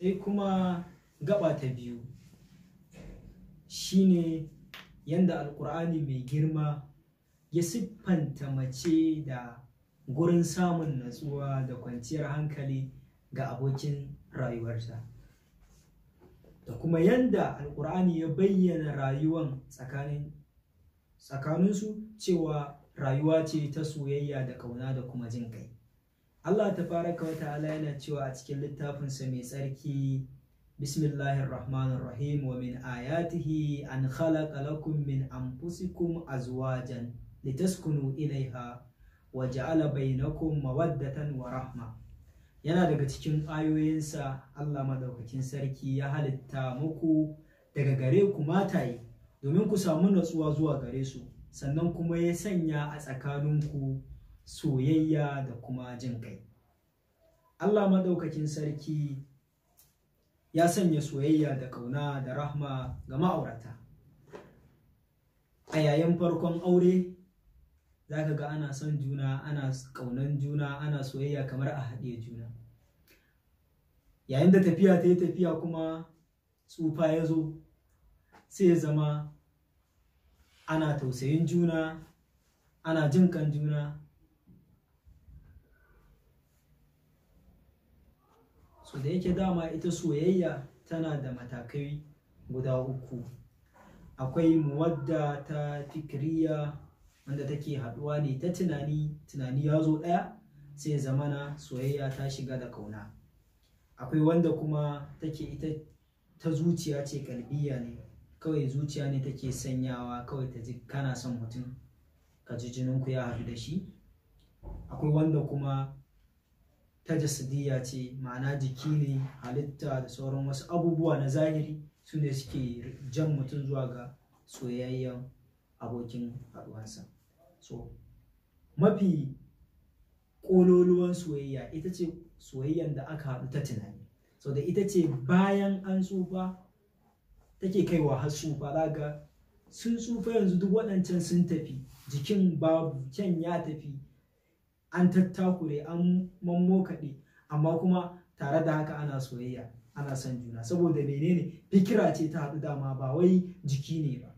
sai kuma gaba ta biyu shine yanda alkur'ani mai girma ya siffanta mace da gurin samun natsuwa da kwanciyar hankali ga abokin rayuwarta da kuma yanda alkur'ani ya bayyana rayuwan tsakaninsu cewa rayuwa ce ta soyayya da kauna da kuma jin kai Allah ta baraka wa ta'ala yana cewa a cikin littafinsa mai tsarki bismillahir rahmanir rahim wa min ayatihi an khalaqa lakum min anfusikum azwajan litaskunu ilaiha wa ja'ala bainakum mawaddatan wa rahma yana daga cikin ayoyinsa Allah madaukakin sarki ya halitta muku daga gare ku mataye domin ku samu natsuwa zuwa gare su sannan kuma ya sanya a tsakaninku soyayya da kuma jin kai Allah madaukakin sarki ya sanya soyayya da kauna da rahma ga ma'aurata a yayin farkon aure zaka ga ana son juna ana kaunan juna ana soyayya kamar a haɗe juna yayin da tafiya ta yi tafiya kuma tsufa ya zo sai ya zama ana tausayin juna ana jin kan juna so da yake dama ita soyayya tana da matakai guda uku akwai muwadda ta fikiriya wanda take haɗuwa ne ta tunani tunani ya zo ɗaya sai zamana soyayya ta shiga da kauna akwai wanda kuma take ita ta zuciya ce kalbiya ne kawai zuciya ne take sanyawa kawai ta ji kana son mutum ka ji jininku ya haɗu da shi akwai wanda kuma ta jasadiya ce ma'ana jiki ne halitta da sauran wasu abubuwa na zahiri su ne suke jan mutum zuwa ga soyayyen abokin haɗuwansa so mafi ƙololuwan soyayya ita ce soyayyan da aka haɗu ta tunani Sau da ita ce bayan an tsufa take kaiwa har tsufa za ga sun tsufa yanzu duk waɗancan sun tafi jikin babu can ya tafi an tattakure an mammokaɗe amma kuma tare da haka ana soyayya ana son juna saboda menene fikira ce ta haɗu dama ba wai jiki ne ba